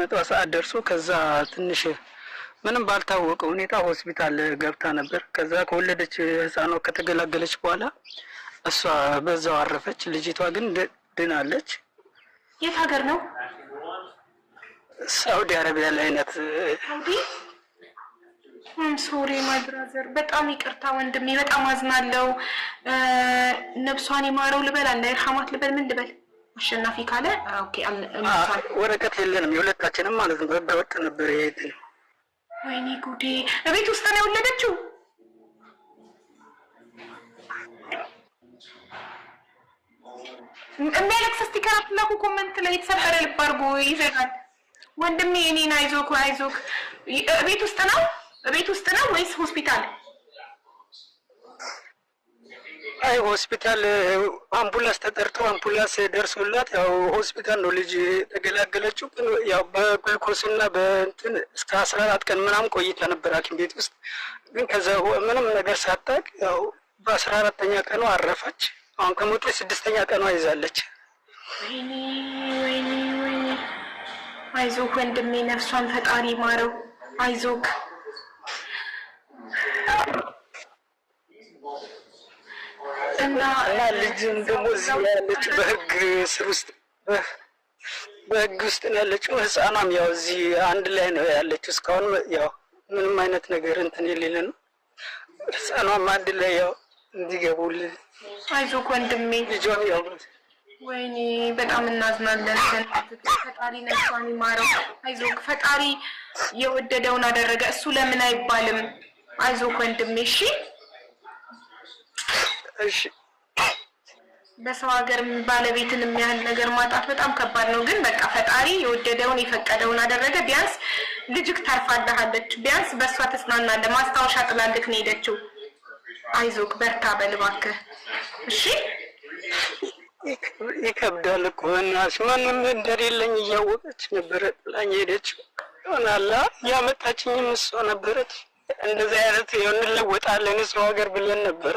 መጣ ሰዓት ደርሶ ከዛ ትንሽ ምንም ባልታወቀ ሁኔታ ሆስፒታል ገብታ ነበር። ከዛ ከወለደች ህፃኗ ከተገላገለች በኋላ እሷ በዛው አረፈች። ልጅቷ ግን ድናለች። የት ሀገር ነው? ሳውዲ አረቢያ ላይ ናት። ሶሪ ማይ ብራዘር፣ በጣም ይቅርታ ወንድሜ፣ በጣም አዝናለው። ነብሷን ይማረው ልበል፣ አለ? ይርሐማት ልበል፣ ምን ልበል? አሸናፊ ካለ ወረቀት የለንም የሁለታችንም ማለት ነው። በህገ ወጥ ነበር የት ወይኔ ጉዴ! እቤት ውስጥ ነው የወለደችው። የሚያለቅስ ስቲከር አትላኩ። ኮመንት ላይ የተሰበረ ልብ አድርጎ ይዘጋል። ወንድሜ የኔን አይዞክ አይዞክ። እቤት ውስጥ ነው እቤት ውስጥ ነው ወይስ ሆስፒታል? አይ ሆስፒታል አምቡላንስ ተጠርቶ አምቡላንስ ደርሶላት ያው ሆስፒታል ነው ልጅ ተገላገለችው። ግን ያው በግሉኮስና በእንትን እስከ አስራ አራት ቀን ምናምን ቆይታ ነበር ሐኪም ቤት ውስጥ ግን ከዛ ምንም ነገር ሳታቅ ያው በአስራ አራተኛ ቀኑ አረፈች። አሁን ከሞት ስድስተኛ ቀኗ ይዛለች። ወይኔ ወይኔ ወይኔ። አይዞክ ወንድሜ ነፍሷን ፈጣሪ ማረው። አይዞክ እና ልጅም ደግሞ እዚህ ያለችው በህግ ስር ውስጥ በህግ ውስጥ ነው ያለችው። ህፃኗም ያው እዚህ አንድ ላይ ነው ያለችው። እስካሁን ያው ምንም አይነት ነገር እንትን የሌለ ነው። ህፃኗም አንድ ላይ ያው እንዲገቡልን አይዞህ ወንድሜ። ልጇም ያው ወይኔ በጣም እናዝናለን። ፈጣሪ ነፍሷን ይማረው። አይዞህ ፈጣሪ የወደደውን አደረገ። እሱ ለምን አይባልም። አይዞህ ወንድሜ። እሺ እሺ በሰው ሀገር ባለቤትን የሚያህል ነገር ማጣት በጣም ከባድ ነው። ግን በቃ ፈጣሪ የወደደውን የፈቀደውን አደረገ። ቢያንስ ልጅክ ታርፋለሃለች። ቢያንስ በእሷ ተጽናናለህ። ማስታወሻ ጥላልክ ነው ሄደችው። አይዞክ በርታ በል እሺ። ይከብዳል እኮ እናት ማንም እንደሌለኝ እያወቀች ነበረ ጥላኝ ሄደችው። ሆናላ ያመጣችኝም እሷ ነበረች። እንደዚህ አይነት ይሆን እንለወጣለን ሰው ሀገር ብለን ነበረ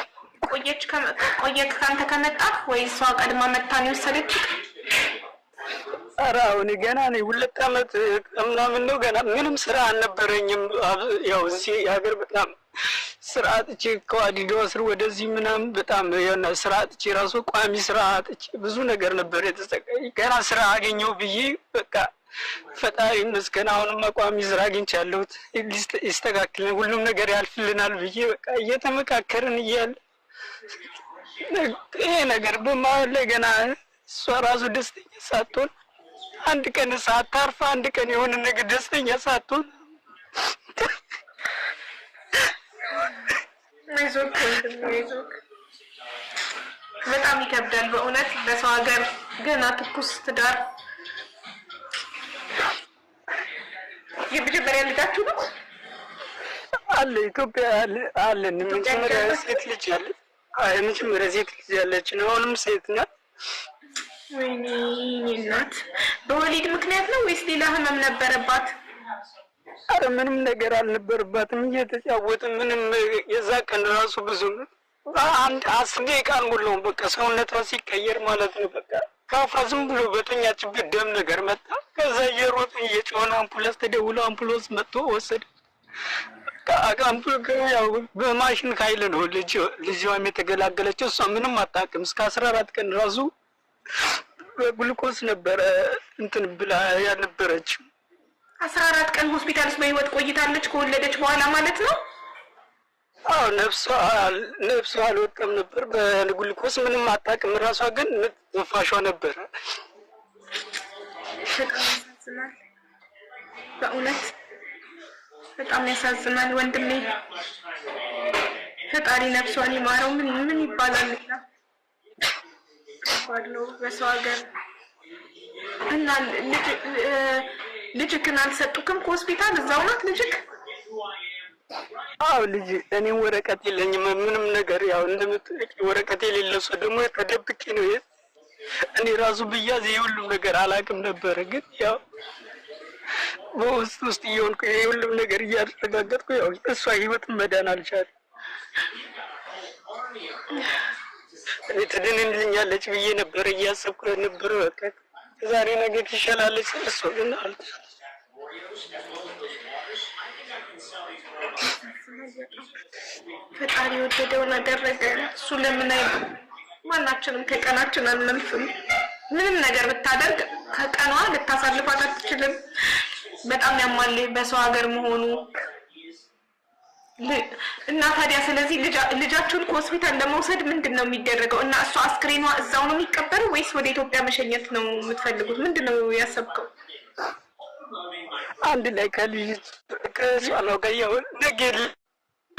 ከቆየች ቆየት ከአንተ ከመጣ ወይ እሷ ቀድማ የወሰደች? ኧረ አሁን ገና ነኝ። ሁለት ዓመት ነው ገና ምንም ስራ አልነበረኝም። ያው እዚህ የሀገር በጣም ስራ አጥቼ ከዋዲዶ ስር ወደዚህ ምናምን በጣም የሆነ ስራ አጥቼ ራሱ ቋሚ ስራ አጥቼ ብዙ ነገር ነበር ገና ስራ አገኘው ብዬ በቃ ፈጣሪ ይመስገን አሁንማ ቋሚ ስራ አግኝቻለሁት። ይስተካክልን ሁሉም ነገር ያልፍልናል ብዬ በቃ እየተመካከርን እያለ ይሄ ነገር በማወል ላይ ገና እሷ ራሱ ደስተኛ ሳትሆን አንድ ቀን ሳታርፍ አንድ ቀን የሆነ ነገር ደስተኛ ሳትሆን አይዞክ አይዞክ። በጣም ይከብዳል በእውነት በሰው ሀገር ገና ትኩስ ትዳር። የመጀመሪያ ልጃችሁ ነው አለ ኢትዮጵያ አለ አለን የመጀመሪያ ሴት ልጅ አለን የመጀመሪያ ሴት ልጅ ያለች ነው። አሁንም ሴት ናት። ወይኔ እናት በወሊድ ምክንያት ነው ወይስ ሌላ ህመም ነበረባት? አረ ምንም ነገር አልነበረባትም። እየተጫወትን ምንም የዛ ቀን ራሱ ብዙ አንድ አስር ደቂቃ አልሞላውም። በቃ ሰውነቷ ሲቀየር ማለት ነው። በቃ ካፋ ዝም ብሎ በተኛችበት ደም ነገር መጣ። ከዛ እየሮጥን እየጮህን አምፑላንስ ተደውሎ አምፑላንስ መጥቶ ወሰደ። ከአቅምቱ ያው በማሽን ኃይል ነው ልጅ ልጅዋም የተገላገለችው። እሷ ምንም አታውቅም። እስከ አስራ አራት ቀን ራሱ በግሉኮስ ነበረ እንትን ብላ ያልነበረችው። አስራ አራት ቀን ሆስፒታል ውስጥ በህይወት ቆይታለች ከወለደች በኋላ ማለት ነው። አዎ ነፍሷ ነፍሷ አልወጣም ነበር። በግሉኮስ ምንም አታውቅም። ራሷ ግን ትንፋሿ ነበረ በእውነት በጣም ያሳዝናል ወንድሜ። ፈጣሪ ነፍሷን ይማረው። ምን ምን ይባላል? ከባድ ነው በሰው ሀገር እና ልጅክን አልሰጡክም ከሆስፒታል? እዛው ናት ልጅክ? አዎ ልጅ እኔም ወረቀት የለኝም ምንም ነገር። ያው እንደምትጠቂ ወረቀት የሌለ ሰው ደግሞ ተደብቄ ነው። እኔ ራሱ ብያዝ የሁሉም ነገር አላውቅም ነበረ ግን ያው በውስጥ ውስጥ እየሆንኩ ይሄ ሁሉም ነገር እያረጋገጥኩ ያው እሷ ህይወት መዳን አልቻለ። ትድንልኛለች ብዬ ነበር እያሰብኩ ነበር። በቃ ዛሬ ነገ ትሻላለች። እሷ ግን አል ፈጣሪ ወደደውን አደረገ። እሱ ለምን ማናችንም ከቀናችን አንመልፍም። ምንም ነገር ብታደርግ ከቀኗ ልታሳልፋት አትችልም። በጣም ያማልህ በሰው ሀገር መሆኑ እና ታዲያ ስለዚህ ልጃችሁን ከሆስፒታል ለመውሰድ ምንድን ነው የሚደረገው? እና እሷ አስክሬኗ እዛው ነው የሚቀበረው ወይስ ወደ ኢትዮጵያ መሸኘት ነው የምትፈልጉት? ምንድን ነው ያሰብከው? አንድ ላይ ከልጅ ከእሷ ነው ጋር ነገ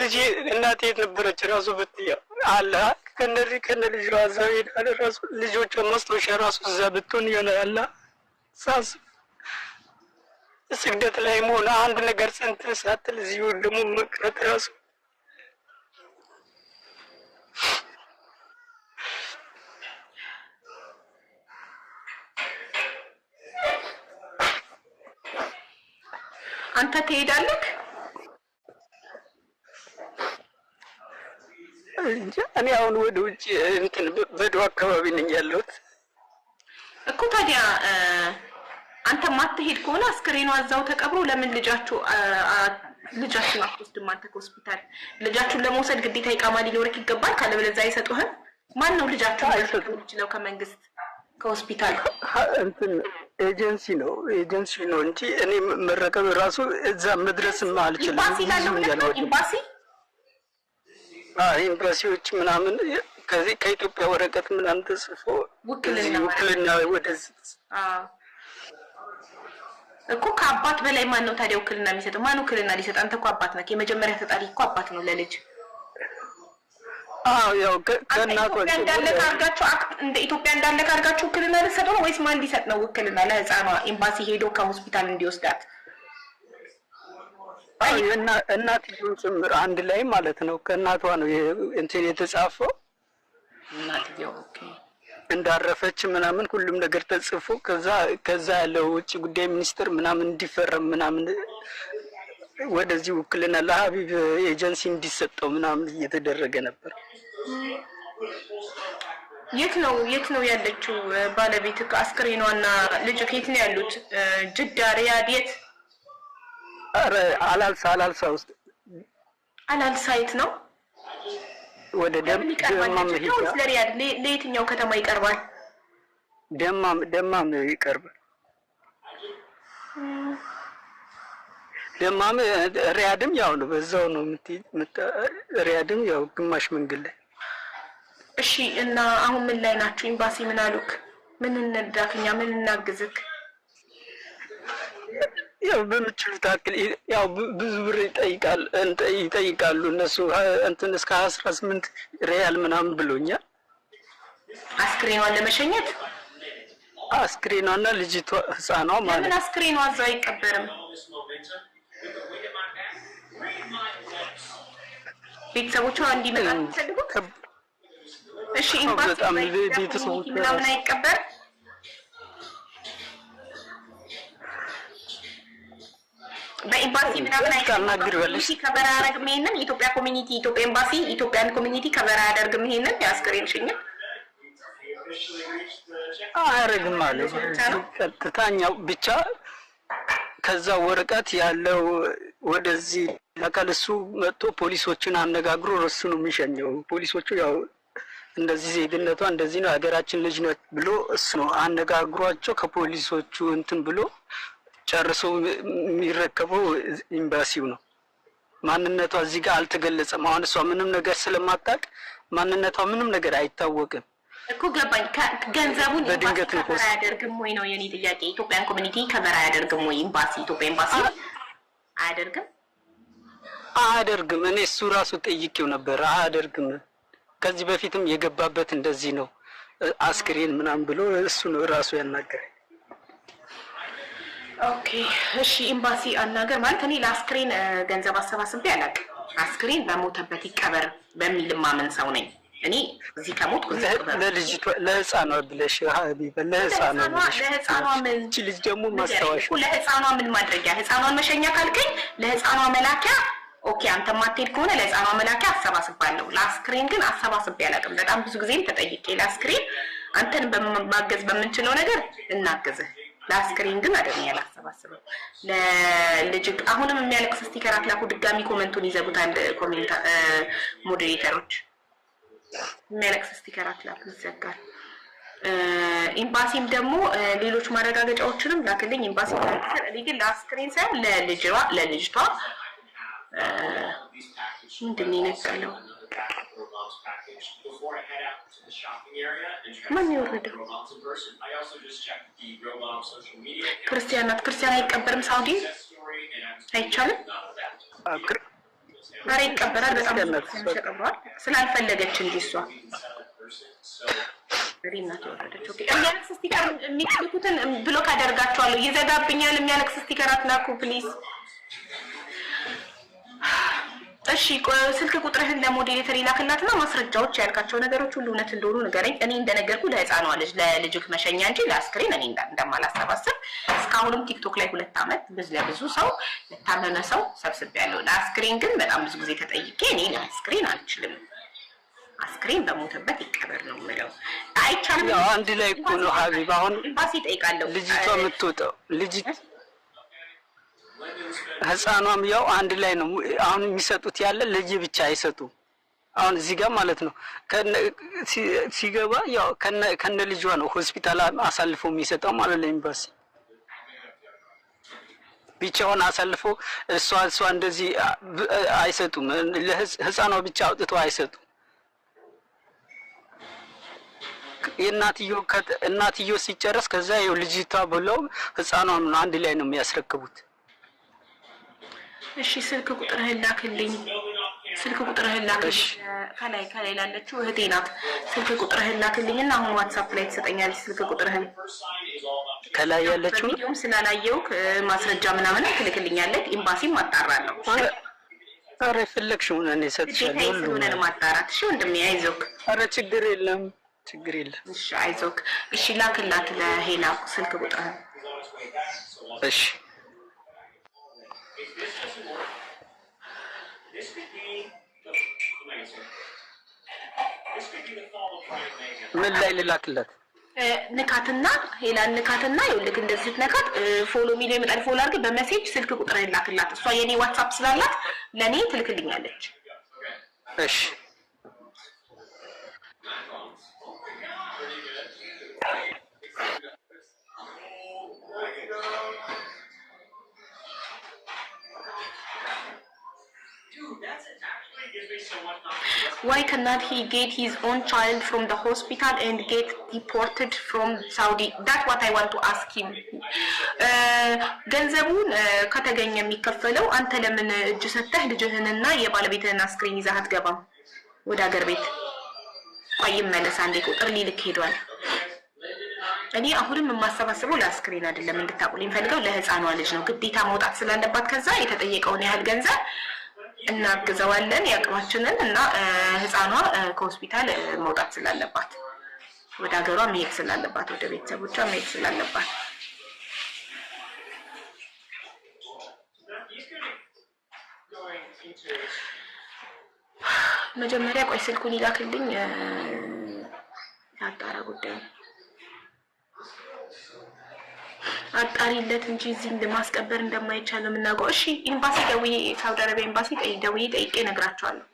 ልጅ እናት የት ነበረች ራሱ ብትያው አለ ከነዚህ ከነ ልጅ ዋዛው ይዳል ራሱ ልጆች መስሎሽ ራሱ እዛ ብትሆን አለ ሳስ ስግደት ላይ መሆን አንድ ነገር ስንት ሳትል እዚሁ ደግሞ መቅረት ራሱ አንተ ትሄዳለህ። እንጃ እኔ አሁን ወደ ውጭ እንትን በዶ አካባቢ ነኝ ያለሁት እኮ። ታዲያ አንተ ማትሄድ ከሆነ አስክሬኗ እዛው ተቀብሮ ለምን ልጃችሁ ልጃችሁን አትወስድም? አንተ ከሆስፒታል ልጃችሁን ለመውሰድ ግዴታ ይቃማ ሊኖርክ ይገባል። ካለበለዚያ አይሰጡህም። ማን ነው ልጃችሁ ሊሰጡህ ይችላል? ከመንግስት ከሆስፒታል እንትን ኤጀንሲ ነው ኤጀንሲ ነው እንጂ እኔ መረከብ ራሱ እዛ መድረስም አልችልም። ኢምባሲ ላለው ኢምባሲ ኤምባሲዎች ምናምን ከዚህ ከኢትዮጵያ ወረቀት ምናምን ተጽፎ ውክልና ወደዚህ እኮ ከአባት በላይ ማን ነው ታዲያ ውክልና የሚሰጠው? ማን ውክልና ሊሰጥ? አንተ እኮ አባት ነህ። የመጀመሪያ ተጣሪ እኮ አባት ነው ለልጅ። አዎ ያው ከእናት እንዳለ ካርጋችሁ እንደ ኢትዮጵያ እንዳለ ካርጋችሁ ውክልና ልትሰጠው ነው ወይስ ማን ሊሰጥ ነው ውክልና ለህፃኗ? ኤምባሲ ሄዶ ከሆስፒታል እንዲወስዳት እናትየው ጭምር አንድ ላይ ማለት ነው። ከእናቷ ነው እንትን የተጻፈው። እናትየው እንዳረፈች ምናምን ሁሉም ነገር ተጽፎ ከዛ ከዛ ያለው ውጭ ጉዳይ ሚኒስትር ምናምን እንዲፈረም ምናምን ወደዚህ ውክልና ለሀቢብ ኤጀንሲ እንዲሰጠው ምናምን እየተደረገ ነበር። የት ነው የት ነው ያለችው ባለቤት? አስክሬኗና ልጅ ከየት ነው ያሉት? ጅዳ ሪያድ የት አላልሳ አላልሳ ውስጥ አላልሳ የት ነው? ወደ ደም ለሪያድ ለየትኛው ከተማ ይቀርባል? ደማም ደማም ይቀርባል። ደማም ሪያድም ያው ነው፣ በዛው ነው ሪያድም ያው ግማሽ መንገድ ላይ። እሺ እና አሁን ምን ላይ ናችሁ? ኤምባሲ ምን አሉክ? ምን እንዳክኛ ምን እናግዝክ? ያው በምችሉት አክል ያው ብዙ ብር ይጠይቃል ይጠይቃሉ እነሱ እንትን እስከ አስራ ስምንት ሪያል ምናምን ብሎኛል። አስክሬኗን ለመሸኘት አስክሬኗ አስክሬኗና ልጅቷ ህፃኗ ማለት ለምን አስክሬኗ እዛው አይቀበርም? ቤተሰቦቿ እንዲመጣ ፈልጉ። እሺ፣ ኢምባሲ ምናምን አይቀበር በኤምባሲ ምናምን አይቀማግድበልሽ ከበር አያደርግም። ይሄንን የኢትዮጵያ ኮሚኒቲ ኢትዮጵያ ኤምባሲ ኢትዮጵያን ኮሚኒቲ ከበር አያደርግም። ይሄንን የአስክሬን ሽኝት አያደርግም ማለት ነው። ብቻ ከዛ ወረቀት ያለው ወደዚህ ለቀል እሱ መጥቶ ፖሊሶችን አነጋግሮ እሱ ነው የሚሸኘው። ፖሊሶቹ ያው እንደዚህ ዜግነቷ እንደዚህ ነው ሀገራችን ልጅ ነች ብሎ እሱ ነው አነጋግሯቸው ከፖሊሶቹ እንትን ብሎ ጨርሶ የሚረከበው ኤምባሲው ነው። ማንነቷ እዚህ ጋር አልተገለጸም። አሁን እሷ ምንም ነገር ስለማታውቅ ማንነቷ ምንም ነገር አይታወቅም እኮ ገባኝ። ገንዘቡን በድንገት ነው ከቨር አያደርግም ወይ ነው የኔ ጥያቄ። ኢትዮጵያን ኮሚኒቲ ከበር አያደርግም ወይ ኤምባሲ፣ ኢትዮጵያ ኤምባሲ አያደርግም አያደርግም። እኔ እሱ ራሱ ጠይቄው ነበር። አያደርግም። ከዚህ በፊትም የገባበት እንደዚህ ነው አስክሬን ምናምን ብሎ እሱ ነው ራሱ ያናገረኝ። ኦኬ እሺ፣ ኤምባሲ አናገር ማለት እኔ ለአስክሬን ገንዘብ አሰባስቤ አላውቅም። አስክሬን በሞተበት ይቀበር በሚል ማመን ሰው ነኝ እኔ። እዚህ ከሞት ለልጅቷ ለህፃኗ ብለሽ ለህፃኗ ምን ማድረጊያ ህፃኗን መሸኛ ካልከኝ ለህፃኗ መላኪያ ኦኬ፣ አንተ ማትሄድ ከሆነ ለህፃኗ መላኪያ አሰባስባለሁ። ለአስክሬን ግን አሰባስቤ አላውቅም። በጣም ብዙ ጊዜም ተጠይቄ ለአስክሬን አንተን በማገዝ በምንችለው ነገር እናገዝህ። ለአስክሬን ግን አይደለም ያላሰባስበው። ለልጅ አሁንም የሚያለቅስ ስቲከር አትላኩ። ድጋሚ ኮመንቱን ይዘጉት። አንድ ሞዴሬተሮች የሚያለቅስ ስቲከር አትላኩ፣ ይዘጋል። ኤምባሲም ደግሞ ሌሎች ማረጋገጫዎችንም ላክልኝ። ኤምባሲ ግን ለአስክሬን ሳይሆን ለልጅዋ ለልጅቷ ምንድን ነው ይነቀለው before I head out to the shopping area and try to see robots in person, I also just checked the robot social media. ክርስቲያን ናት። ክርስቲያን አይቀበርም ሳውዲ አይቻልም። ኧረ ይቀበራል። በጣም ተቀብሯል። ስላልፈለገች እንጂ እሷ የሚያለቅስ ስቲከር የሚቀልኩትን ብሎክ አደርጋቸዋለሁ። ይዘጋብኛል። የሚያለቅስ ስቲከር አትላኩ ፕሊዝ። እሺ ስልክ ቁጥርህን ለሞዴሬተር ይላክላትና ማስረጃዎች ያልካቸው ነገሮች ሁሉ እውነት እንደሆኑ ንገረኝ። እኔ እንደነገርኩ ለህፃኗ ልጅ ለልጅክ መሸኛ እንጂ ለአስክሬን እኔ እንደማላሰባስብ እስካሁንም ቲክቶክ ላይ ሁለት ዓመት ለብዙ ሰው ለታመመ ሰው ሰብስብ ያለው ለአስክሬን ግን በጣም ብዙ ጊዜ ተጠይቄ እኔ ለአስክሬን አልችልም። አስክሬን በሞተበት ይቀበር ነው የምለው። አይቻልም። አንድ ላይ እኮ ነው ሀቢብ። አሁን ባስ ይጠይቃለሁ። ልጅቷ የምትወጣው ልጅ ህፃኗም ያው አንድ ላይ ነው አሁን የሚሰጡት ያለ ልጅ ብቻ አይሰጡም። አሁን እዚህ ጋር ማለት ነው ሲገባ ያው ከነ ልጇ ነው ሆስፒታል አሳልፎ የሚሰጠው ማለት ለኤምባሲ ብቻውን አሳልፎ እሷ እሷ እንደዚህ አይሰጡም። ህፃኗ ብቻ አውጥቶ አይሰጡም። የእናትዮ እናትዮ ሲጨረስ ከዛ ይኸው ልጅቷ ብለው ህፃኗን አንድ ላይ ነው የሚያስረክቡት። እሺ ስልክ ቁጥርህን ላክልኝ። ስልክ ቁጥርህን ላክልኝ። ከላይ ከላይ ላለችው እህቴ ናት። ስልክ ቁጥርህን ላክልኝ እና አሁን ዋትሳፕ ላይ ትሰጠኛለች። ስልክ ቁጥርህን ከላይ ያለችው ቪዲዮም ስላላየው ማስረጃ ምናምን ትልክልኛለች። ኤምባሲም አጣራለሁ። ኧረ የፈለግሽውን እኔ እሰጥሻለሁ። ሁሉንም ማጣራት። እሺ ወንድሜ አይዞክ። አረ ችግር የለም ችግር የለም። እሺ አይዞክ። እሺ ላክላት ለሄላ ስልክ ቁጥርህን እሺ ምን ላይ ልላክለት? ንካትና ሄላን ንካትና ይኸውልህ እንደዚህ ስትነካት ፎሎ ሚል ይመጣል። ፎሎ አድርገህ በመሴጅ ስልክ ቁጥር ላክላት። እሷ የኔ ዋትሳፕ ስላላት ለኔ ትልክልኛለች። እሺ Why cannot he get his own child from the hospital and get deported from Saudi? That's what I want to ask him. Uh, ገንዘቡን uh, ከተገኘ የሚከፈለው አንተ ለምን እጅ ሰተህ ልጅህንና የባለቤትህን አስክሬን ይዘህ አትገባም ወደ ሀገር ቤት? ቆይ ይመለስ አንዴ፣ ቁጥር ሊልክ ሄዷል። እኔ አሁንም የማሰባስበው ለአስክሬን አይደለም፣ እንድታቁልኝ ፈልገው ለህፃኗ ልጅ ነው። ግዴታ መውጣት ስላለባት ከዛ የተጠየቀውን ያህል ገንዘብ እናግዘዋለን ያቅማችንን እና ህፃኗ ከሆስፒታል መውጣት ስላለባት ወደ ሀገሯ መሄድ ስላለባት ወደ ቤተሰቦቿ መሄድ ስላለባት መጀመሪያ ቆይ ስልኩን ይላክልኝ ያጣራ ጉዳይ አጣሪለት እንጂ እዚህ ማስቀበር እንደማይቻል የምናውቀው። እሺ ኤምባሲ ደውዬ ሳውዲ አረቢያ ኤምባሲ ደውዬ ጠይቄ እነግራቸዋለሁ።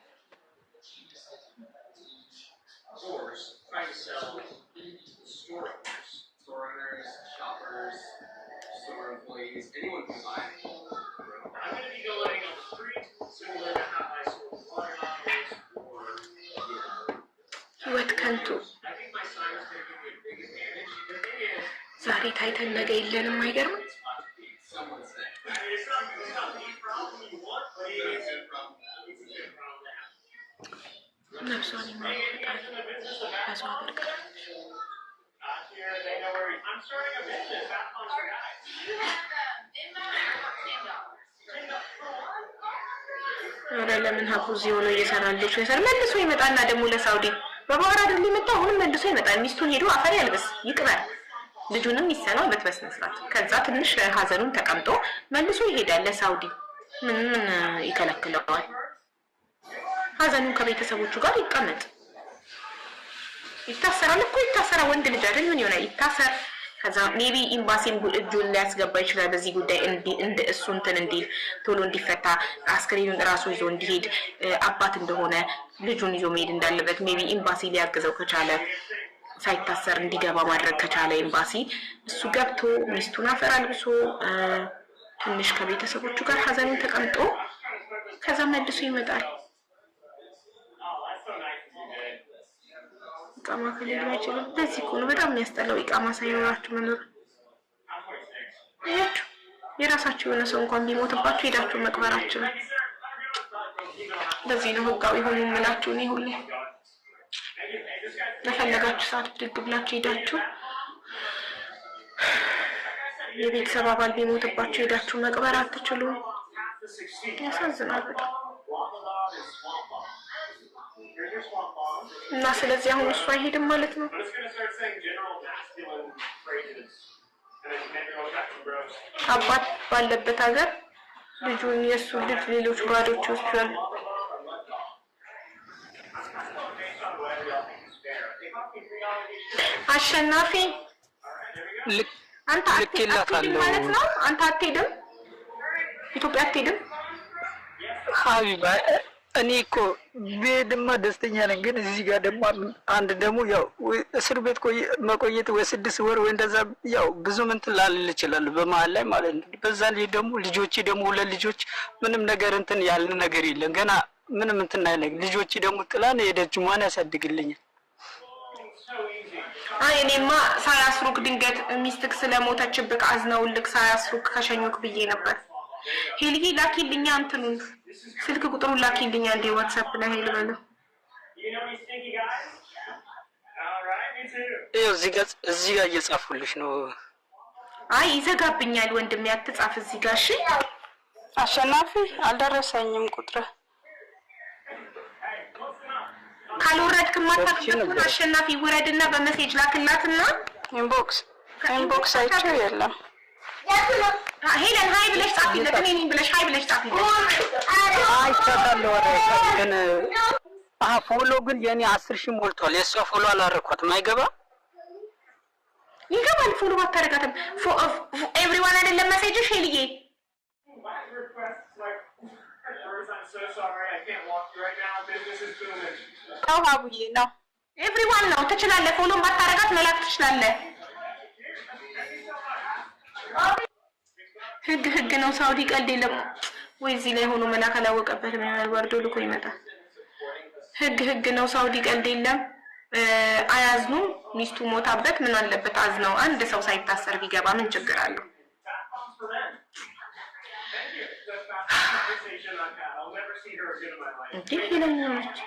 ህይወት ከንቱ ዛሬ ታይተን ነገ የለንም። አይገርምም? ነፍሷን የማይፈጣል ከሷ ኧረ ለምን ሀፉ እዚህ ሆኖ እየሰራ እየሰራለች ወይሰር መልሶ ይመጣና ደግሞ ለሳውዲ በባህር አይደል የመጣው? አሁንም መልሶ ይመጣል። ሚስቱን ሄዶ አፈር ያልበስ ይቅበል። ልጁንም ይሰናበት በስነ ከዛ ትንሽ ሀዘኑን ተቀምጦ መልሶ ይሄዳል ለሳውዲ። ምን ምን ይከለክለዋል? ሀዘኑን ከቤተሰቦቹ ጋር ይቀመጥ። ይታሰራል እኮ ይታሰራ። ወንድ ልጅ አይደል? ምን ይሆናል? ይታሰር። ከዛ ሜቢ ኢምባሲን እጁን ሊያስገባ ይችላል። በዚህ ጉዳይ እንደ እሱ እንትን እንዲል ቶሎ እንዲፈታ አስክሬኑን እራሱ ይዞ እንዲሄድ አባት እንደሆነ ልጁን ይዞ መሄድ እንዳለበት ሜቢ ኢምባሲ ሊያግዘው ከቻለ ሳይታሰር እንዲገባ ማድረግ ከቻለ ኤምባሲ እሱ ገብቶ ሚስቱን አፈር አልብሶ ትንሽ ከቤተሰቦቹ ጋር ሀዘኑን ተቀምጦ ከዛ መልሶ ይመጣል። ቃማ ከሌሉ አይችልም። በዚህ እኮ በጣም የሚያስጠላው። ቃማ ሳይኖራችሁ መኖር ሄዳችሁ የራሳችሁ የሆነ ሰው እንኳን ቢሞትባችሁ ሄዳችሁ መቅበራችሁ ነው። በዚህ ነው ህጋዊ ሆኑ የምላችሁ እኔ ሁሌ በፈለጋችሁ ሰዓት ብድግ ብላችሁ ሄዳችሁ የቤተሰብ አባል ቢሞትባችሁ ሄዳችሁ መቅበር አትችሉም። ያሳዝናል እና ስለዚህ አሁን እሱ አይሄድም ማለት ነው። አባት ባለበት ሀገር ልጁን የእሱ ልጅ ሌሎች ጓዶች ይወስዳሉ። አሸናፊ አንተ አትሄድም ማለት ነው። አንተ አትሄድም፣ ኢትዮጵያ አትሄድም። ሀቢባ እኔ እኮ ብሄድማ ደስተኛ ነኝ፣ ግን እዚህ ጋር ደግሞ አንድ ደግሞ ያው እስር ቤት መቆየት ወይ ስድስት ወር ወይ እንደዛ ያው ብዙ ምን ትላልል ይችላል በመሀል ላይ ማለት ነው። በዛ ላይ ደግሞ ልጆቼ ደግሞ ሁለት ልጆች ምንም ነገር እንትን ያልን ነገር የለም ገና ምንም እንትን አይለኝ ልጆቼ ደግሞ ጥላን ሄደች ማን ያሳድግልኛል? አይ እኔማ ሳያስሩክ ድንገት ሚስትክ ስለሞተችብክ አዝነውልክ ሳያስሩክ ከሸኙክ ብዬ ነበር። ሄልዬ ላኪልኛ እንትኑን ስልክ ቁጥሩን ላኪልኛ እንዴ ዋትሳፕ ላይ ሄል በለው። እዚህ ጋር እዚህ ጋር እየጻፉልሽ ነው። አይ ይዘጋብኛል ወንድሜ አትጻፍ እዚህ ጋር እሺ። አሸናፊ አልደረሰኝም ቁጥርህ ካልወረድክ ማታክበት አሸናፊ ውረድና በመሴጅ ላክላትና ኢንቦክስ ኢንቦክስ አይቼው የለም። ሄለን ሀይ ብለሽ ጻፊለት፣ እኔ ብለሽ ሀይ ብለሽ ጻፊለት። ፎሎ ግን የኔ አስር ሺህ ሞልቷል። የእሷ ፎሎ አላረኳትም። አይገባ ይገባል። ፎሎ ኤቭሪዋን አይደለም መሴጅ ሄልዬ ነው ሀቡዬ ነው ኤቭሪዋን ነው ትችላለህ። ፎሎ ማታረጋት መላክ ትችላለህ። ህግ ህግ ነው። ሳውዲ ቀልድ የለም ወይ? እዚህ ላይ ሆኖ መላክ አላወቀበትም ይሆናል። ወርዶ ልኮ ይመጣል። ህግ ህግ ነው። ሳውዲ ቀልድ የለም። አያዝኑም። ሚስቱ ሞታበት ምን አለበት አዝነው አንድ ሰው ሳይታሰር ቢገባ ምን ችግር አለው? እንዴ ይለኛለች